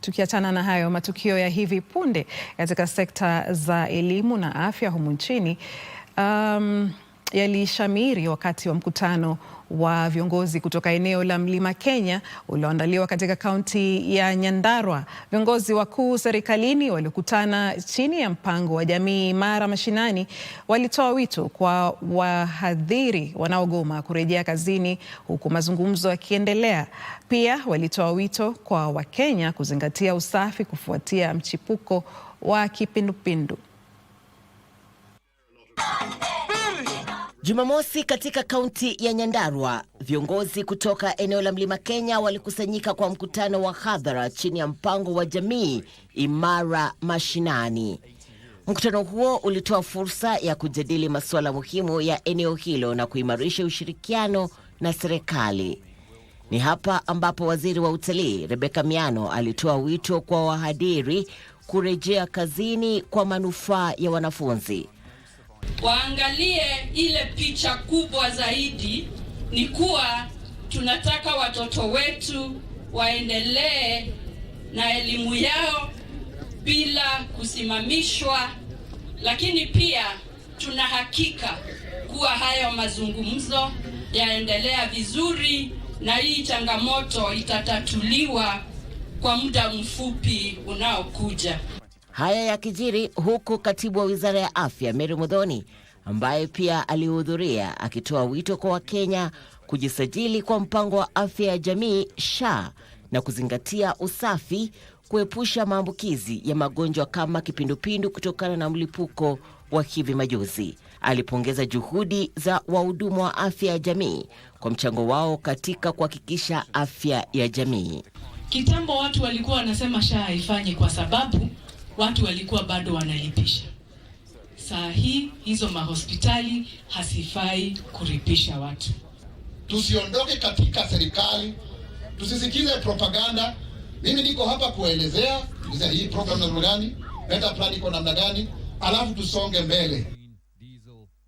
Tukiachana na hayo, matukio ya hivi punde katika sekta za elimu na afya humu nchini um, yalishamiri wakati wa mkutano wa viongozi kutoka eneo la Mlima Kenya ulioandaliwa katika kaunti ya Nyandarua. Viongozi wakuu serikalini waliokutana chini ya mpango wa Jamii Imara Mashinani walitoa wito kwa wahadhiri wanaogoma kurejea kazini huku mazungumzo yakiendelea. Pia walitoa wito kwa Wakenya kuzingatia usafi kufuatia mchipuko wa kipindupindu. Jumamosi katika kaunti ya Nyandarua, viongozi kutoka eneo la Mlima Kenya walikusanyika kwa mkutano wa hadhara chini ya mpango wa jamii imara mashinani. Mkutano huo ulitoa fursa ya kujadili masuala muhimu ya eneo hilo na kuimarisha ushirikiano na serikali. Ni hapa ambapo waziri wa utalii Rebeka Miano alitoa wito kwa wahadiri kurejea kazini kwa manufaa ya wanafunzi waangalie ile picha kubwa zaidi, ni kuwa tunataka watoto wetu waendelee na elimu yao bila kusimamishwa, lakini pia tuna hakika kuwa hayo mazungumzo yaendelea vizuri na hii changamoto itatatuliwa kwa muda mfupi unaokuja. Haya yakijiri huku katibu wa wizara ya afya Mary Mudhoni ambaye pia alihudhuria akitoa wito kwa Wakenya kujisajili kwa mpango wa afya ya jamii SHA na kuzingatia usafi, kuepusha maambukizi ya magonjwa kama kipindupindu kutokana na mlipuko wa hivi majuzi. Alipongeza juhudi za wahudumu wa afya ya jamii kwa mchango wao katika kuhakikisha afya ya jamii. Kitambo watu walikuwa wanasema SHA haifanyi kwa sababu watu walikuwa bado wanalipisha. Saa hii hizo mahospitali hasifai kuripisha watu. Tusiondoke katika serikali, tusisikize propaganda. Mimi niko hapa kuelezea hii program namna gani, meta plan iko namna gani, alafu tusonge mbele.